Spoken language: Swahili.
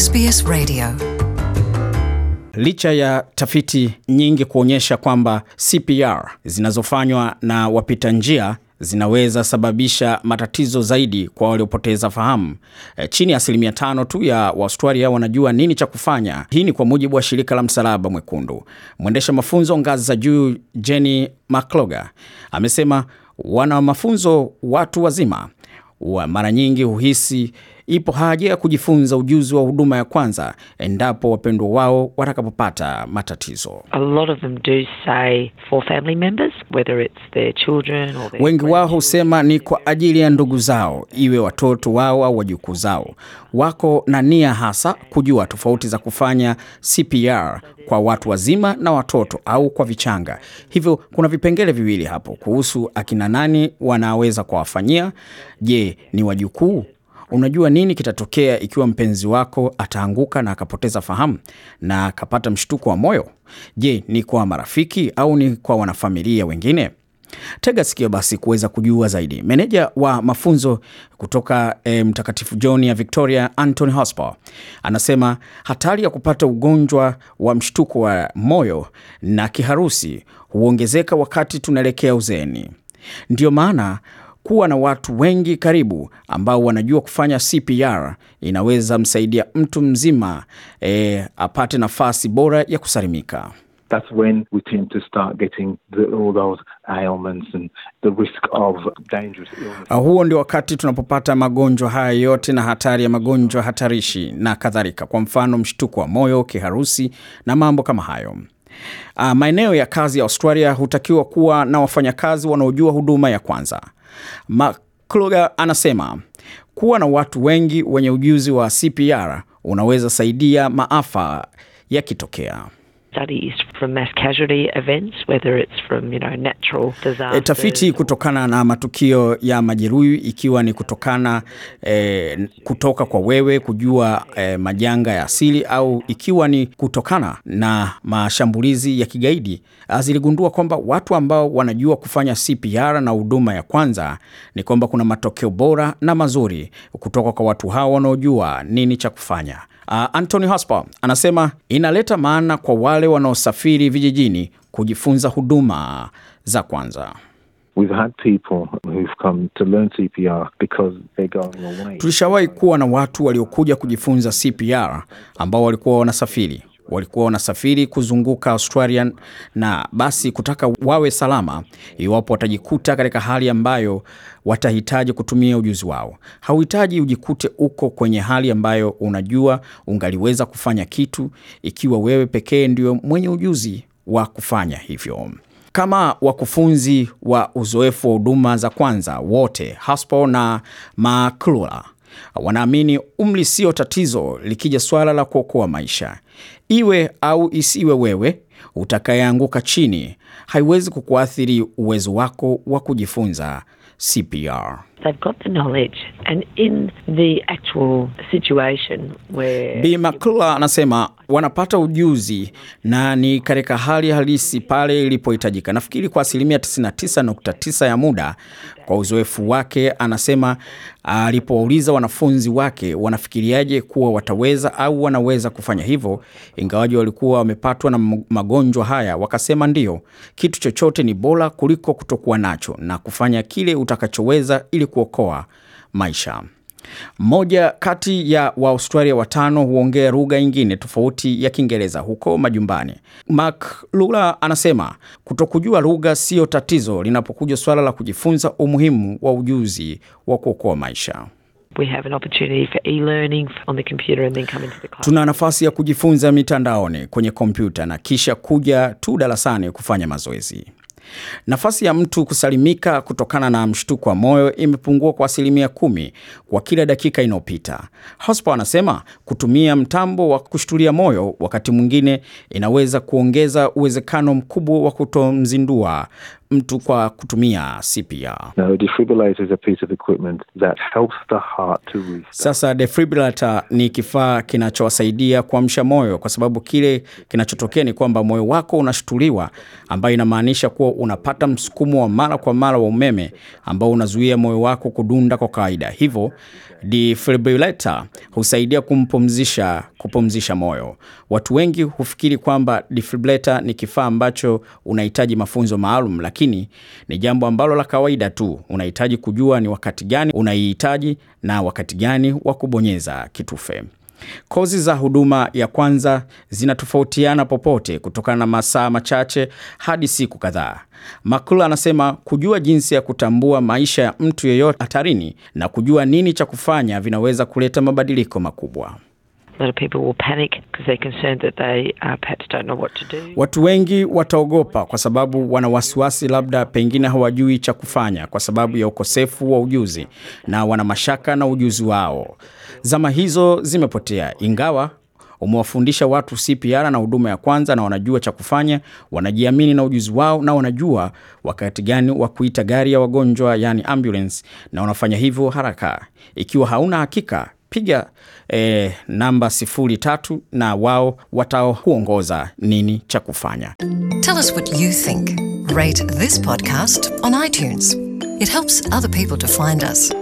SBS Radio. Licha ya tafiti nyingi kuonyesha kwamba CPR zinazofanywa na wapita njia zinaweza sababisha matatizo zaidi kwa waliopoteza fahamu. E, chini ya asilimia tano tu ya Waaustralia wanajua nini cha kufanya. Hii ni kwa mujibu wa shirika la Msalaba Mwekundu. Mwendesha mafunzo ngazi za juu Jenny Macloga amesema wana mafunzo watu wazima wa mara nyingi huhisi Ipo haja ya kujifunza ujuzi wa huduma ya kwanza endapo wapendwa wao watakapopata matatizo. Wengi wao husema ni kwa ajili ya ndugu zao, iwe watoto wao au wajukuu zao. Wako na nia hasa kujua tofauti za kufanya CPR kwa watu wazima na watoto au kwa vichanga. Hivyo kuna vipengele viwili hapo kuhusu akina nani wanaweza kuwafanyia. Je, ni wajukuu Unajua nini kitatokea ikiwa mpenzi wako ataanguka na akapoteza fahamu na akapata mshtuko wa moyo? Je, ni kwa marafiki au ni kwa wanafamilia wengine? Tega sikio basi kuweza kujua zaidi. Meneja wa mafunzo kutoka e, Mtakatifu John ya Victoria, antony Hospital anasema hatari ya kupata ugonjwa wa mshtuko wa moyo na kiharusi huongezeka wakati tunaelekea uzeeni. Ndiyo maana kuwa na watu wengi karibu ambao wanajua kufanya CPR inaweza msaidia mtu mzima e, apate nafasi bora ya kusalimika. Ah, huo ndio wakati tunapopata magonjwa haya yote na hatari ya magonjwa hatarishi na kadhalika, kwa mfano mshtuko wa moyo, kiharusi na mambo kama hayo. Uh, maeneo ya kazi ya Australia hutakiwa kuwa na wafanyakazi wanaojua huduma ya kwanza. McCluger anasema kuwa na watu wengi wenye ujuzi wa CPR unaweza saidia maafa yakitokea. Eh, tafiti kutokana na matukio ya majeruhi ikiwa ni kutokana eh, kutoka kwa wewe kujua eh, majanga ya asili au ikiwa ni kutokana na mashambulizi ya kigaidi, ah, ziligundua kwamba watu ambao wanajua kufanya CPR na huduma ya kwanza ni kwamba kuna matokeo bora na mazuri kutoka kwa watu hao wanaojua nini cha kufanya. Uh, Anthony Haspa anasema inaleta maana kwa wale wanaosafiri vijijini kujifunza huduma za kwanza. Tulishawahi kuwa na watu waliokuja kujifunza CPR ambao walikuwa wanasafiri walikuwa wanasafiri kuzunguka Australia na basi kutaka wawe salama iwapo watajikuta katika hali ambayo watahitaji kutumia ujuzi wao. Hauhitaji ujikute uko kwenye hali ambayo unajua ungaliweza kufanya kitu ikiwa wewe pekee ndio mwenye ujuzi wa kufanya hivyo. Kama wakufunzi wa uzoefu wa huduma za kwanza wote haspo na Maklula Wanaamini umri sio tatizo likija swala la kuokoa maisha. Iwe au isiwe wewe utakayeanguka chini, haiwezi kukuathiri uwezo wako wa kujifunza CPR. Where... anasema wanapata ujuzi na ni katika hali halisi pale ilipohitajika. Nafikiri kwa asilimia 99.9 ya muda, kwa uzoefu wake, anasema alipowauliza wanafunzi wake wanafikiriaje kuwa wataweza au wanaweza kufanya hivyo, ingawaji walikuwa wamepatwa na magonjwa haya, wakasema ndio kitu chochote ni bora kuliko kutokuwa nacho na kufanya kile utakachoweza ili kuokoa maisha. Mmoja kati ya Waaustralia watano huongea lugha nyingine tofauti ya Kiingereza huko majumbani. mak Lula anasema kutokujua lugha siyo tatizo linapokuja suala la kujifunza umuhimu wa ujuzi wa kuokoa maisha. Tuna nafasi ya kujifunza mitandaoni kwenye kompyuta na kisha kuja tu darasani kufanya mazoezi. Nafasi ya mtu kusalimika kutokana na mshtuko wa moyo imepungua kwa asilimia kumi kwa kila dakika inayopita. Hospa anasema kutumia mtambo wa kushtulia moyo wakati mwingine inaweza kuongeza uwezekano mkubwa wa kutomzindua mtu kwa kutumia CPR. Now, defibrillator is a piece of equipment that helps the heart to restart. Sasa defibrillator ni kifaa kinachowasaidia kuamsha moyo, kwa sababu kile kinachotokea ni kwamba moyo wako unashutuliwa, ambayo inamaanisha kuwa unapata msukumo wa mara kwa mara wa umeme ambao unazuia moyo wako kudunda kwa kawaida. Hivyo defibrillator husaidia kumpumzisha, kupumzisha moyo. Watu wengi hufikiri kwamba defibrillator ni kifaa ambacho unahitaji mafunzo maalum, lakini lakini ni jambo ambalo la kawaida tu. Unahitaji kujua ni wakati gani unaihitaji na wakati gani wa kubonyeza kitufe. Kozi za huduma ya kwanza zinatofautiana popote kutokana na masaa machache hadi siku kadhaa. makl anasema kujua jinsi ya kutambua maisha ya mtu yeyote hatarini na kujua nini cha kufanya vinaweza kuleta mabadiliko makubwa. Watu wengi wataogopa kwa sababu wana wasiwasi, labda pengine hawajui cha kufanya kwa sababu ya ukosefu wa ujuzi, na wana mashaka na ujuzi wao. Zama hizo zimepotea, ingawa umewafundisha watu CPR na huduma ya kwanza na wanajua cha kufanya, wanajiamini na ujuzi wao, na wanajua wakati gani wa kuita gari ya wagonjwa, yani ambulance, na wanafanya hivyo haraka. Ikiwa hauna hakika piga e, namba 03 na wao watakuongoza nini cha kufanya. Tell us what you think. Rate this podcast on iTunes. It helps other people to find us.